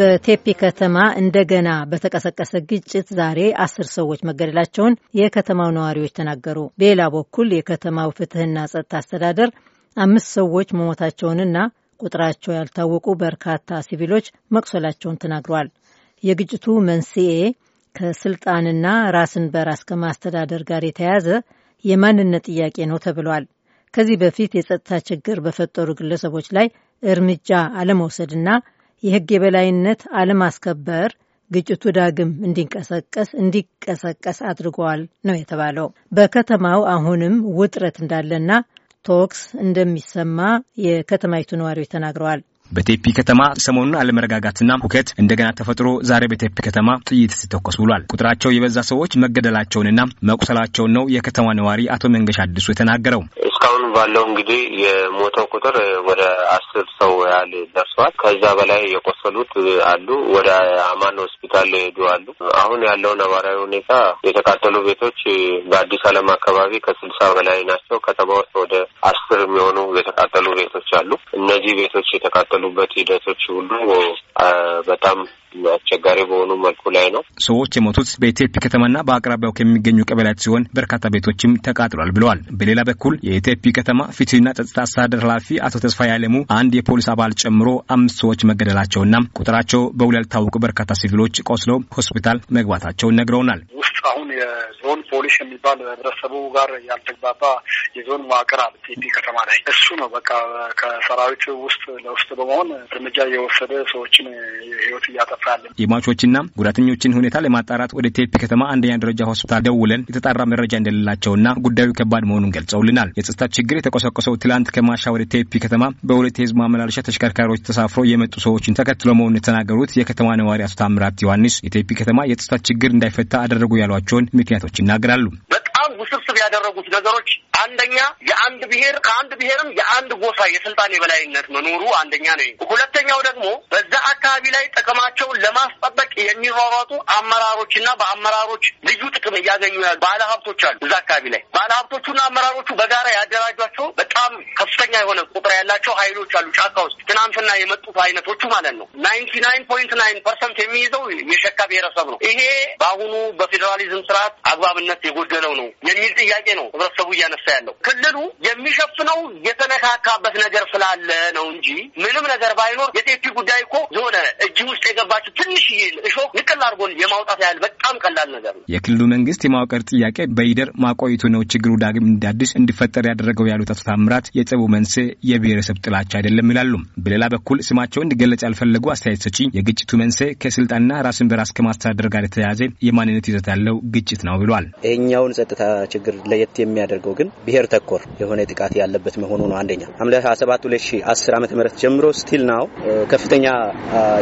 በቴፒ ከተማ እንደገና በተቀሰቀሰ ግጭት ዛሬ አስር ሰዎች መገደላቸውን የከተማው ነዋሪዎች ተናገሩ። በሌላ በኩል የከተማው ፍትህና ጸጥታ አስተዳደር አምስት ሰዎች መሞታቸውንና ቁጥራቸው ያልታወቁ በርካታ ሲቪሎች መቁሰላቸውን ተናግሯል። የግጭቱ መንስኤ ከስልጣንና ራስን በራስ ከማስተዳደር ጋር የተያያዘ የማንነት ጥያቄ ነው ተብሏል። ከዚህ በፊት የጸጥታ ችግር በፈጠሩ ግለሰቦች ላይ እርምጃ አለመውሰድና የህግ የበላይነት አለማስከበር ግጭቱ ዳግም እንዲንቀሰቀስ እንዲቀሰቀስ አድርገዋል ነው የተባለው። በከተማው አሁንም ውጥረት እንዳለና ቶክስ እንደሚሰማ የከተማይቱ ነዋሪዎች ተናግረዋል። በቴፒ ከተማ ሰሞኑን አለመረጋጋትና ሁከት እንደገና ተፈጥሮ ዛሬ በቴፒ ከተማ ጥይት ሲተኮስ ብሏል። ቁጥራቸው የበዛ ሰዎች መገደላቸውንና መቁሰላቸውን ነው የከተማ ነዋሪ አቶ መንገሻ አዲሱ የተናገረው። እስካሁን ባለው እንግዲህ የሞተው ቁጥር ወደ አስር ሰው ያህል ደርሷል። ከዛ በላይ የቆሰሉት አሉ። ወደ አማን ሆስፒታል የሄዱ አሉ። አሁን ያለው ነባራዊ ሁኔታ የተቃጠሉ ቤቶች በአዲስ ዓለም አካባቢ ከስልሳ በላይ ናቸው። ከተማ ውስጥ ወደ አስር የሚሆኑ የተቃጠሉ ቤቶች አሉ። እነዚህ ቤቶች የተቃጠሉበት ሂደቶች ሁሉ በጣም አስቸጋሪ በሆኑ መልኩ ላይ ነው። ሰዎች የሞቱት በኢቴፒ ከተማና በአቅራቢያው ከሚገኙ ቀበሌያት ሲሆን በርካታ ቤቶችም ተቃጥሏል ብለዋል። በሌላ በኩል የኢቴፒ ከተማ ፍትህና ጸጥታ አስተዳደር ኃላፊ አቶ ተስፋ ያለሙ አንድ የፖሊስ አባል ጨምሮ አምስት ሰዎች መገደላቸውና ቁጥራቸው በውል ያልታወቁ በርካታ ሲቪሎች ቆስለው ሆስፒታል መግባታቸውን ነግረውናል። ውስጥ አሁን ፖሊስ የሚባል ህብረተሰቡ ጋር ያልተግባባ የዞን መዋቅር አለ ቴፒ ከተማ ላይ እሱ ነው በቃ ከሰራዊት ውስጥ ለውስጥ በመሆን እርምጃ እየወሰደ ሰዎችን ህይወት እያጠፋ ያለ። የሟቾችና ጉዳተኞችን ሁኔታ ለማጣራት ወደ ቴፒ ከተማ አንደኛ ደረጃ ሆስፒታል ደውለን የተጣራ መረጃ እንደሌላቸውና ጉዳዩ ከባድ መሆኑን ገልጸውልናል። የጸጥታ ችግር የተቆሰቆሰው ትላንት ከማሻ ወደ ቴፒ ከተማ በሁለት የህዝብ ማመላለሻ ተሽከርካሪዎች ተሳፍሮ የመጡ ሰዎችን ተከትሎ መሆኑን የተናገሩት የከተማ ነዋሪ አቶ ታምራት ዮሐንስ የቴፒ ከተማ የጸጥታ ችግር እንዳይፈታ አደረጉ ያሏቸውን ምክንያቶች ይናገራል። lacrarlo. ያደረጉት ነገሮች አንደኛ የአንድ ብሔር ከአንድ ብሔርም የአንድ ጎሳ የስልጣን የበላይነት መኖሩ አንደኛ ነው። ሁለተኛው ደግሞ በዛ አካባቢ ላይ ጥቅማቸውን ለማስጠበቅ የሚሯሯጡ አመራሮችና በአመራሮች ልዩ ጥቅም እያገኙ ያሉ ባለ ሀብቶች አሉ። እዛ አካባቢ ላይ ባለ አመራሮቹ በጋራ ያደራጇቸው በጣም ከፍተኛ የሆነ ቁጥር ያላቸው ሀይሎች አሉ ጫካ ውስጥ ትናንትና የመጡት አይነቶቹ ማለት ነው። ናይንቲ ናይን ፖይንት ናይን ፐርሰንት የሚይዘው የሸካ ብሔረሰብ ነው። ይሄ በአሁኑ በፌዴራሊዝም ስርዓት አግባብነት የጎደለው ነው የሚል ጥያቄ ነው ህብረተሰቡ እያነሳ ያለው። ክልሉ የሚሸፍነው የተነካካበት ነገር ስላለ ነው እንጂ ምንም ነገር ባይኖር የቴፒ ጉዳይ እኮ የሆነ እጅ ውስጥ የገባችው ትንሽ እሾህ ንቅል አድርጎን የማውጣት ያህል በጣም ቀላል ነገር ነው። የክልሉ መንግስት የማዋቀር ጥያቄ በሂደር ማቆይቱ ነው ችግሩ ዳግም እንዳዲስ እንዲፈጠር ያደረገው ያሉት አቶ ታምራት የጸቡ መንስኤ የብሔረሰብ ጥላቻ አይደለም ይላሉ። በሌላ በኩል ስማቸውን እንዲገለጽ ያልፈለጉ አስተያየት ሰጪ የግጭቱ መንስኤ ከስልጣንና ራስን በራስ ከማስተዳደር ጋር የተያያዘ የማንነት ይዘት ያለው ግጭት ነው ብሏል። ይህኛውን ጸጥታ ችግር ችግር ለየት የሚያደርገው ግን ብሔር ተኮር የሆነ ጥቃት ያለበት መሆኑ ነው። አንደኛ ሐምሌ 27 2010 ዓ.ም ጀምሮ ስቲል ናው ከፍተኛ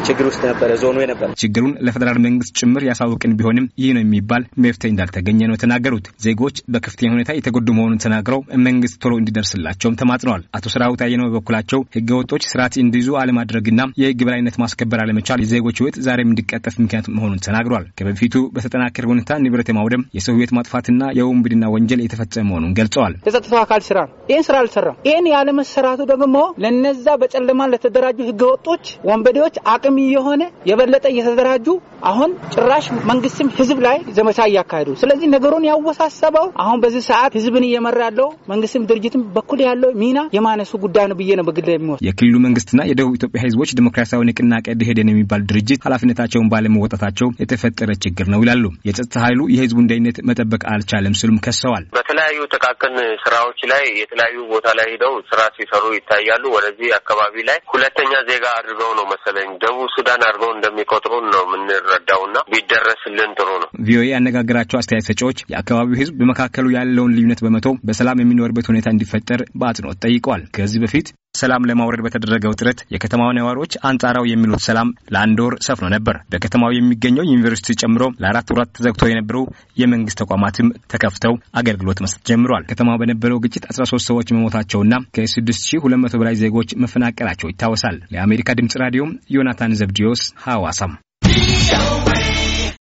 ችግር ውስጥ ነበረ ዞኑ የነበረ። ችግሩን ለፌዴራል መንግስት ጭምር ያሳውቅን ቢሆንም ይህ ነው የሚባል መፍትሄ እንዳልተገኘ ነው የተናገሩት። ዜጎች በከፍተኛ ሁኔታ የተጎዱ መሆኑን ተናግረው መንግስት ቶሎ እንዲደርስላቸውም ተማጽነዋል። አቶ ስራው ታየነው በበኩላቸው ህገወጦች ስርዓት እንዲይዙ አለማድረግና የህግ በላይነት ማስከበር አለመቻል የዜጎች ህይወት ዛሬም እንዲቀጠፍ ምክንያት መሆኑን ተናግሯል። ከበፊቱ በተጠናከረ ሁኔታ ንብረት የማውደም የሰው ህይወት ማጥፋትና የውንብድና ወንጀል የተፈጸመ መሆኑን ገልጸዋል። የጸጥታ አካል ስራ ነው። ይህን ስራ አልሰራም። ይህን ያለመሰራቱ ደግሞ ለነዛ በጨለማ ለተደራጁ ህገወጦች ወንበዴዎች አቅም እየሆነ የበለጠ እየተደራጁ አሁን ጭራሽ መንግስትም ህዝብ ላይ ዘመቻ እያካሄዱ ስለዚህ ነገሩን ያወሳሰበው አሁን በዚህ ሰዓት ህዝብን እየመራ ያለው መንግስትም ድርጅትም በኩል ያለው ሚና የማነሱ ጉዳይ ነው ብዬ ነው በግል የሚወስ የክልሉ መንግስትና የደቡብ ኢትዮጵያ ህዝቦች ዲሞክራሲያዊ ንቅናቄ ደኢህዴን የሚባል ድርጅት ኃላፊነታቸውን ባለመወጣታቸው የተፈጠረ ችግር ነው ይላሉ። የጸጥታ ኃይሉ የህዝቡን ደህንነት መጠበቅ አልቻለም ስሉም ከሰዋል። በተለያዩ ጥቃቅን ስራዎች ላይ የተለያዩ ቦታ ላይ ሄደው ስራ ሲሰሩ ይታያሉ። ወደዚህ አካባቢ ላይ ሁለተኛ ዜጋ አድርገው ነው መሰለኝ ደቡብ ሱዳን አድርገው እንደሚቆጥሩን ነው ምንረ የተረዳውና ቢደረስልን ጥሩ ነው። ቪኦኤ ያነጋገራቸው አስተያየት ሰጪዎች የአካባቢው ህዝብ በመካከሉ ያለውን ልዩነት በመተው በሰላም የሚኖርበት ሁኔታ እንዲፈጠር በአጽንኦት ጠይቀዋል። ከዚህ በፊት ሰላም ለማውረድ በተደረገው ጥረት የከተማው ነዋሪዎች አንጻራዊ የሚሉት ሰላም ለአንድ ወር ሰፍኖ ነበር። በከተማው የሚገኘው ዩኒቨርሲቲ ጨምሮ ለአራት ወራት ተዘግቶ የነበሩ የመንግስት ተቋማትም ተከፍተው አገልግሎት መስጠት ጀምሯል። ከተማው በነበረው ግጭት 13 ሰዎች መሞታቸውና ከ6200 በላይ ዜጎች መፈናቀላቸው ይታወሳል። ለአሜሪካ ድምጽ ራዲዮም ዮናታን ዘብዲዮስ ሐዋሳም Show me.